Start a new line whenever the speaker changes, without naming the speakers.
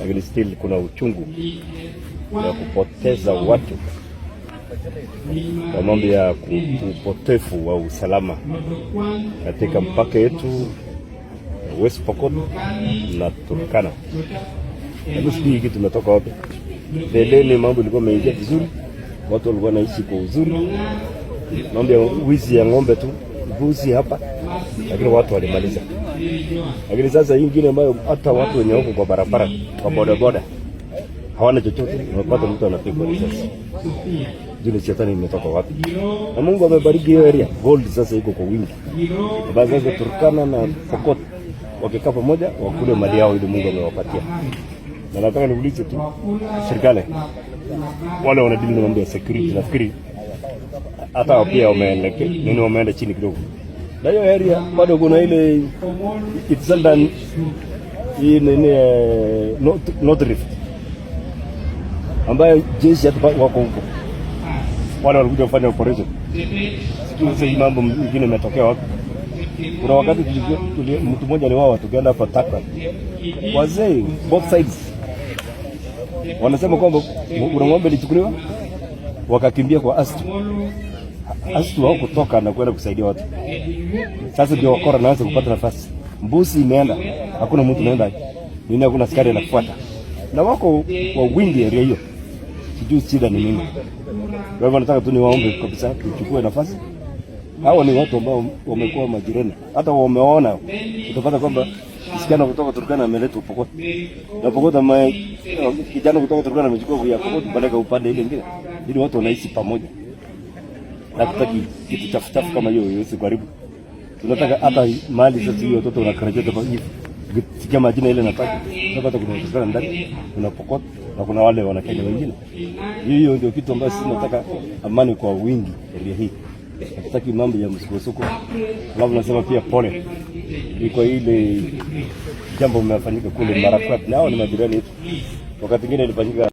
lakini still kuna uchungu wa kupoteza watu kwa mambo ya upotefu wa usalama katika mpaka yetu West Pokot na Turkana. Lakini sijui hiki tumetoka wapi. Mbeleni mambo ilikuwa imeingia vizuri, watu walikuwa naishi kwa uzuri, mambo ya wizi ya ng'ombe tu, mbuzi hapa lakini watu walimaliza. Lakini sasa hii ingine ambayo hata watu wenye huko kwa barabara kwa bodaboda hawana chochote, wamepata mtu anapigwa risasi. Jini shetani imetoka wapi? Na Mungu amebariki hiyo area, gold sasa iko kwa wingi. Basi sasa Turkana na Pokot wakikaa pamoja wakule mali yao ili Mungu amewapatia. Na nataka niulize tu serikali wale wanadili na mambo ya security, nafikiri hata pia wameenda nini, wameenda chini kidogo na hiyo area bado kuna ile it's seldom hii nini eh, North Rift ambayo jeshi wako huko, wale walikuja kufanya operation. Sijui mambo mengine yametokea wapi. Kuna wakati mtu mmoja ni wao, tukaenda hapa Takran, wazee both sides wanasema kwamba kuna ng'ombe ilichukuliwa, wakakimbia kwa astu astu, wao kutoka na kwenda kusaidia watu sasa ndio wakora naanza kupata nafasi. Mbuzi imeenda, hakuna mtu anaenda nini, hakuna askari anafuata, na wako kwa wingi area hiyo, sijui shida ni nini. Kwa hivyo nataka tu niwaombe kabisa, tuchukue nafasi. Hawa ni watu ambao wamekuwa majirani, hata wameona, utapata kwamba kijana kutoka Turkana ameletwa Pokot na Pokot, ama kijana kutoka Turkana amechukua kwa Pokot kupeleka upande ile nyingine, ili watu wanaishi pamoja, na tutaki kitu chafuchafu kama hiyo iweze kuharibu tunataka hata mali sasa hiyo watoto wanakarajia tofauti. Sikia majina ile nataka tunapata kuna watoto ndani, kuna Pokot na kuna wale wanakenya wengine. Hiyo ndio kitu ambacho sisi tunataka amani kwa wingi area hii. Hatutaki mambo ya msukosuko. Alafu nasema pia pole kwa ile jambo mmefanyika kule Marakwet, nao ni majirani yetu, wakati mwingine ilifanyika